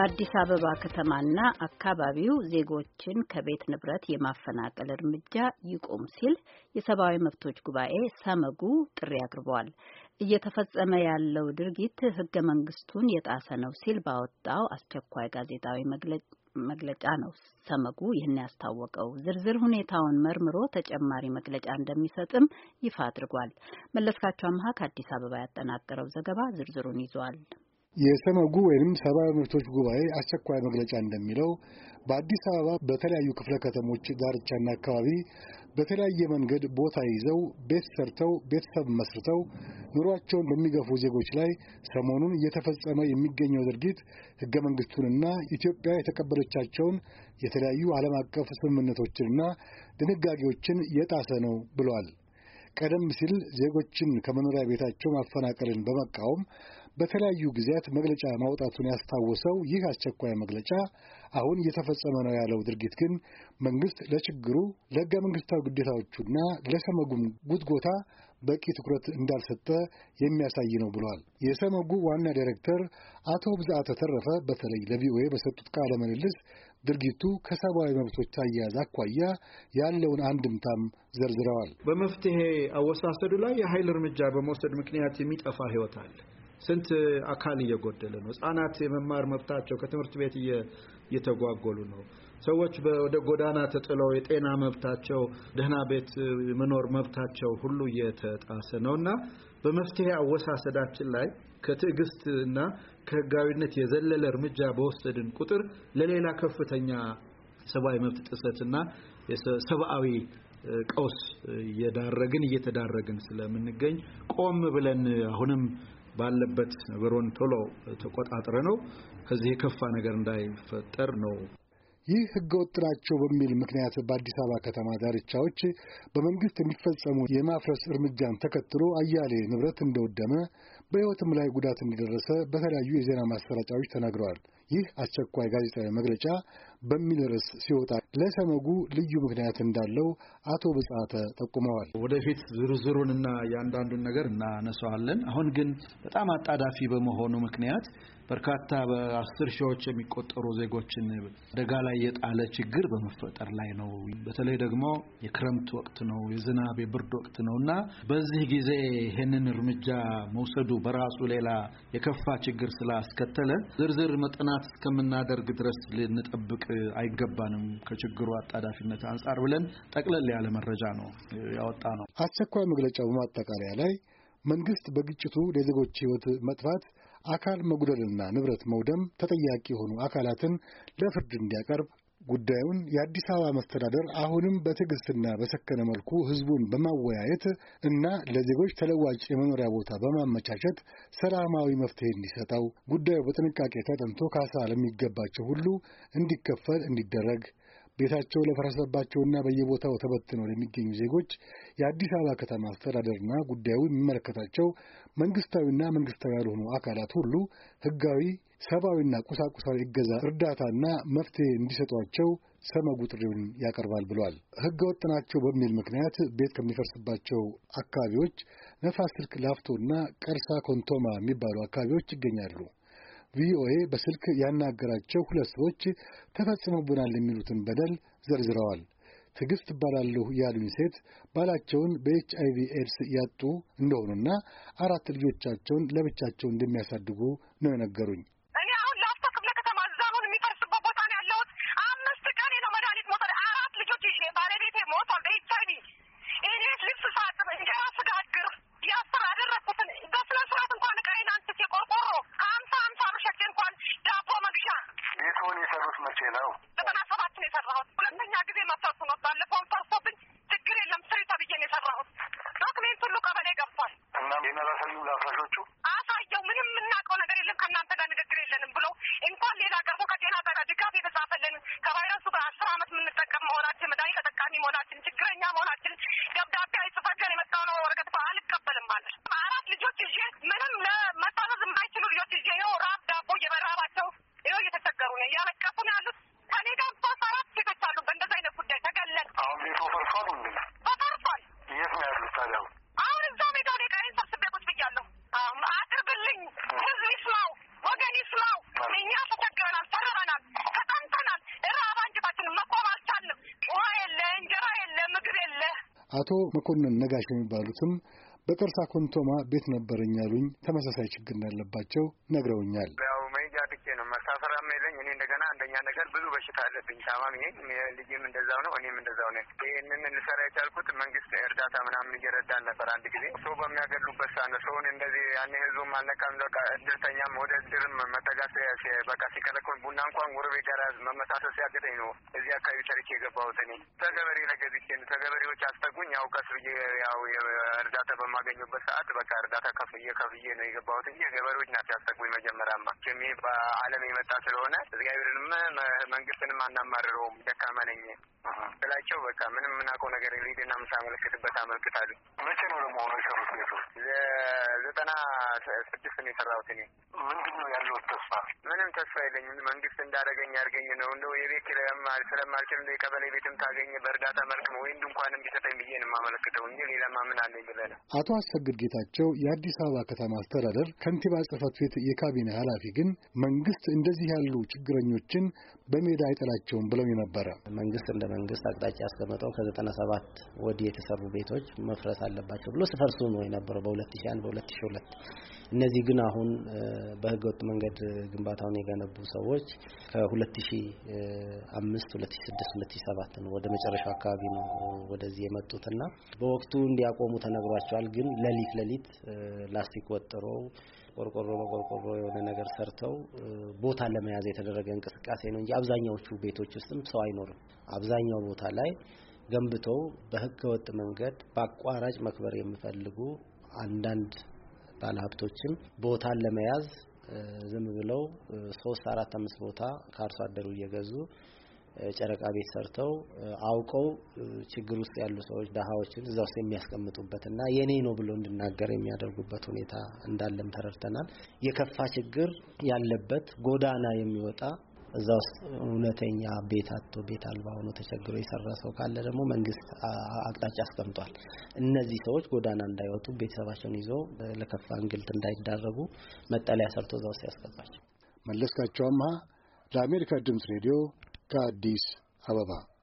በአዲስ አበባ ከተማና አካባቢው ዜጎችን ከቤት ንብረት የማፈናቀል እርምጃ ይቁም ሲል የሰብአዊ መብቶች ጉባኤ ሰመጉ ጥሪ አቅርበዋል። እየተፈጸመ ያለው ድርጊት ህገ መንግስቱን የጣሰ ነው ሲል ባወጣው አስቸኳይ ጋዜጣዊ መግለጫ ነው ሰመጉ ይህን ያስታወቀው። ዝርዝር ሁኔታውን መርምሮ ተጨማሪ መግለጫ እንደሚሰጥም ይፋ አድርጓል። መለስካቸው አምሃ ከአዲስ አበባ ያጠናቀረው ዘገባ ዝርዝሩን ይዟል። የሰመጉ ወይም ሰብአዊ መብቶች ጉባኤ አስቸኳይ መግለጫ እንደሚለው በአዲስ አበባ በተለያዩ ክፍለ ከተሞች ዳርቻና አካባቢ በተለያየ መንገድ ቦታ ይዘው ቤት ሰርተው ቤተሰብ መስርተው ኑሯቸውን በሚገፉ ዜጎች ላይ ሰሞኑን እየተፈጸመ የሚገኘው ድርጊት ሕገ መንግሥቱንና ኢትዮጵያ የተቀበለቻቸውን የተለያዩ ዓለም አቀፍ ስምምነቶችንና ድንጋጌዎችን የጣሰ ነው ብሏል። ቀደም ሲል ዜጎችን ከመኖሪያ ቤታቸው ማፈናቀልን በመቃወም በተለያዩ ጊዜያት መግለጫ ማውጣቱን ያስታወሰው ይህ አስቸኳይ መግለጫ አሁን እየተፈጸመ ነው ያለው ድርጊት ግን መንግስት ለችግሩ ለህገ መንግስታዊ ግዴታዎቹና ለሰመጉም ጉትጎታ በቂ ትኩረት እንዳልሰጠ የሚያሳይ ነው ብሏል። የሰመጉ ዋና ዳይሬክተር አቶ ብዛተ ተረፈ በተለይ ለቪኦኤ በሰጡት ቃለ ምልልስ ድርጊቱ ከሰብአዊ መብቶች አያያዝ አኳያ ያለውን አንድምታም ዘርዝረዋል። በመፍትሄ አወሳሰዱ ላይ የኃይል እርምጃ በመውሰድ ምክንያት የሚጠፋ ህይወት አለ። ስንት አካል እየጎደለ ነው። ህጻናት የመማር መብታቸው ከትምህርት ቤት እየተጓጎሉ ነው። ሰዎች ወደ ጎዳና ተጥለው የጤና መብታቸው፣ ደህና ቤት መኖር መብታቸው ሁሉ እየተጣሰ እና በመፍትሄ አወሳሰዳችን ላይ ከትዕግስት እና ከህጋዊነት የዘለለ እርምጃ በወሰድን ቁጥር ለሌላ ከፍተኛ ሰብአዊ መብት ጥሰትና ሰብአዊ ቀውስ እየዳረግን እየተዳረግን ስለምንገኝ ቆም ብለን አሁንም ባለበት ነገሮን ቶሎ ተቆጣጥረ ነው ከዚህ የከፋ ነገር እንዳይፈጠር ነው። ይህ ህገወጥ ናቸው በሚል ምክንያት በአዲስ አበባ ከተማ ዳርቻዎች በመንግስት የሚፈጸሙ የማፍረስ እርምጃን ተከትሎ አያሌ ንብረት እንደወደመ፣ በሕይወትም ላይ ጉዳት እንደደረሰ በተለያዩ የዜና ማሰራጫዎች ተናግረዋል። ይህ አስቸኳይ ጋዜጣዊ መግለጫ በሚል ርዕስ ሲወጣ ለሰመጉ ልዩ ምክንያት እንዳለው አቶ ብጻተ ጠቁመዋል። ወደፊት ዝርዝሩንና እያንዳንዱን ነገር እናነሳዋለን። አሁን ግን በጣም አጣዳፊ በመሆኑ ምክንያት በርካታ በአስር ሺዎች የሚቆጠሩ ዜጎችን አደጋ ላይ የጣለ ችግር በመፈጠር ላይ ነው። በተለይ ደግሞ የክረምት ወቅት ነው፣ የዝናብ የብርድ ወቅት ነው እና በዚህ ጊዜ ይህንን እርምጃ መውሰዱ በራሱ ሌላ የከፋ ችግር ስላስከተለ ዝርዝር መጠናት እስከምናደርግ ድረስ ልንጠብቅ አይገባንም ከችግሩ አጣዳፊነት አንጻር ብለን ጠቅለል ያለ መረጃ ነው ያወጣ ነው። አስቸኳይ መግለጫው በማጠቃለያ ላይ መንግስት በግጭቱ ለዜጎች ህይወት መጥፋት አካል መጉደልና ንብረት መውደም ተጠያቂ የሆኑ አካላትን ለፍርድ እንዲያቀርብ ጉዳዩን የአዲስ አበባ መስተዳደር አሁንም በትዕግስትና በሰከነ መልኩ ህዝቡን በማወያየት እና ለዜጎች ተለዋጭ የመኖሪያ ቦታ በማመቻቸት ሰላማዊ መፍትሄ እንዲሰጠው ጉዳዩ በጥንቃቄ ተጠንቶ ካሳ ለሚገባቸው ሁሉ እንዲከፈል እንዲደረግ ቤታቸው ለፈረሰባቸውና በየቦታው ተበትነው ለሚገኙ ዜጎች የአዲስ አበባ ከተማ አስተዳደርና ጉዳዩ የሚመለከታቸው መንግስታዊና መንግስታዊ ያልሆኑ አካላት ሁሉ ህጋዊ፣ ሰብአዊና ቁሳቁሳዊ እገዛ፣ እርዳታና መፍትሄ እንዲሰጧቸው ሰመጉ ጥሪውን ያቀርባል ብሏል። ህገ ወጥ ናቸው በሚል ምክንያት ቤት ከሚፈርስባቸው አካባቢዎች ነፋስ ስልክ ላፍቶና ቀርሳ ኮንቶማ የሚባሉ አካባቢዎች ይገኛሉ። ቪኦኤ በስልክ ያናገራቸው ሁለት ሰዎች ተፈጽሞብናል የሚሉትን በደል ዘርዝረዋል። ትዕግስት እባላለሁ ያሉኝ ሴት ባላቸውን በኤች አይቪ ኤድስ ያጡ እንደሆኑና አራት ልጆቻቸውን ለብቻቸው እንደሚያሳድጉ ነው የነገሩኝ። መቼ ነው? ዘጠና ሰባት ነው የሰራሁት። ሁለተኛ ጊዜ መብሰቱ ነው። ባለፈውን ፈርሶብኝ ችግር የለም ስሪ ተብዬ ነው የሰራሁት። ዶክሜንት ሁሉ ቀበሌ ገብቷል። እና የመረሰዩ ለአፍራሾቹ አሳየው ምንም የምናውቀው ነገር የለም ከእናንተ ጋር ንግግር የለንም ብሎ እንኳን ሌላ ቀርቦ ከጤና ጋር ድጋፍ የተጻፈልን ከቫይረሱ ጋር አስር አመት የምንጠቀም መሆናችን መድኃኒት ተጠቃሚ መሆናችን ችግረኛ መሆናችን ደብዳቤ አይጽፈገን የመጣው ነው ወረቀት አልቀበልም አለ። አራት ልጆች ይዤ ምንም መታዘዝ የማይችሉ ልጆች ይዤ ነው ራብ አቶ መኮንን ነጋሽ የሚባሉትም በቀርሳ ኮንቶማ ቤት ነበረኝ ያሉኝ ተመሳሳይ ችግር እንዳለባቸው ነግረውኛል። ያው መሄጃ ትቼ ነው መሳፈር ነኝ። እኔ እንደገና አንደኛ ነገር ብዙ በሽታ አለብኝ፣ ታማሚ ነኝ። ልጅም እንደዛው ነው፣ እኔም እንደዛው ነኝ። ይህንን ልሰራ የቻልኩት መንግስት እርዳታ ምናምን እየረዳን ነበር። አንድ ጊዜ ሰው በሚያገሉበት ሳ ነው ሰውን እንደዚህ ያኔ ህዝቡም አልነቃም። በቃ እድርተኛም ወደ እድርም መጠጋት በቃ ሲከለክሉ ቡና እንኳን ጎረቤት ጋር መመሳሰል ሲያገጠኝ ነው እዚህ አካባቢ ተርኬ የገባሁት እኔ ተገበሬ ነገዚች ተገበሬዎች አስጠጉኝ። ያው ቀስ ብዬ ያው እርዳታ በማገኙበት ሰዓት በቃ እርዳታ ከፍዬ ከፍዬ ነው የገባሁት እንጂ ገበሬዎች ናቸው ያስጠጉኝ። መጀመሪያማ ይሄ በአለም የመጣ ስለሆነ እግዚአብሔርንም መንግስትንም አናማርረውም ደካማ ነኝ ስላቸው በቃ ምንም የምናውቀው ነገር ሊድና ምሳመለክትበት አመልክታሉ። መቼ ነው ለመሆኑ የሰሩት ቤቱ? ዘጠና ስድስት ነው የሰራሁት እኔ። ምንድን ነው ያለው ተስፋ? ምንም ተስፋ የለኝም። መንግስት እንዳደረገኝ ያርገኝ ነው እንደው የቤት ስለማልችል እንደ የቀበሌ ቤትም ታገኝ በእርዳታ መልክ ነው ወይም ድንኳንም ቢሰጠኝ ብዬ ነው የማመለክተው እንጂ ሌላ ማምን አለኝ ብለህ ነው። አቶ አሰግድ ጌታቸው የአዲስ አበባ ከተማ አስተዳደር ከንቲባ ጽህፈት ቤት የካቢኔ ኃላፊ ግን መንግስት እንደዚህ ያሉ ችግረኞችን በሜዳ አይጠላቸውም ብለው ነበረ። መንግስት እንደ መንግስት አቅጣጫ ያስቀመጠው ከዘጠና ሰባት ወዲህ የተሰሩ ቤቶች መፍረስ አለባቸው ብሎ ስፈርሱ ነው የነበረው በሁለት ሺ አንድ በሁለት ሺ ሁለት እነዚህ ግን አሁን በህገወጥ መንገድ ግንባታውን የገነቡ ሰዎች ከሁለት ሺ አምስት ሁለት ሺ ስድስት ሁለት ሺ ሰባት ነው ወደ መጨረሻው አካባቢ ነው ወደዚህ የመጡትና በወቅቱ እንዲያቆሙ ተነግሯቸዋል። ግን ለሊት ለሊት ላስቲክ ወጥሮ ቆርቆሮ በቆርቆሮ የሆነ ነገር ሰርተው ቦታ ለመያዝ የተደረገ እንቅስቃሴ ነው እንጂ አብዛኛዎቹ ቤቶች ውስጥም ሰው አይኖርም። አብዛኛው ቦታ ላይ ገንብተው በህገወጥ መንገድ በአቋራጭ መክበር የሚፈልጉ አንዳንድ ባለሀብቶችም ቦታን ለመያዝ ዝም ብለው ሶስት አራት አምስት ቦታ ከአርሶ አደሩ እየገዙ ጨረቃ ቤት ሰርተው አውቀው ችግር ውስጥ ያሉ ሰዎች ድሃዎችን እዛ ውስጥ የሚያስቀምጡበት እና የኔ ነው ብሎ እንድናገር የሚያደርጉበት ሁኔታ እንዳለም ተረድተናል። የከፋ ችግር ያለበት ጎዳና የሚወጣ እዛ ውስጥ እውነተኛ ቤት አጥቶ ቤት አልባ ሆኖ ተቸግሮ የሰራ ሰው ካለ ደግሞ መንግስት አቅጣጫ አስቀምጧል። እነዚህ ሰዎች ጎዳና እንዳይወጡ፣ ቤተሰባቸውን ይዞ ለከፋ እንግልት እንዳይዳረጉ መጠለያ ሰርቶ እዛ ውስጥ ያስገባቸው። መለስካቸው አምሃ ለአሜሪካ ድምፅ ሬዲዮ ከአዲስ አበባ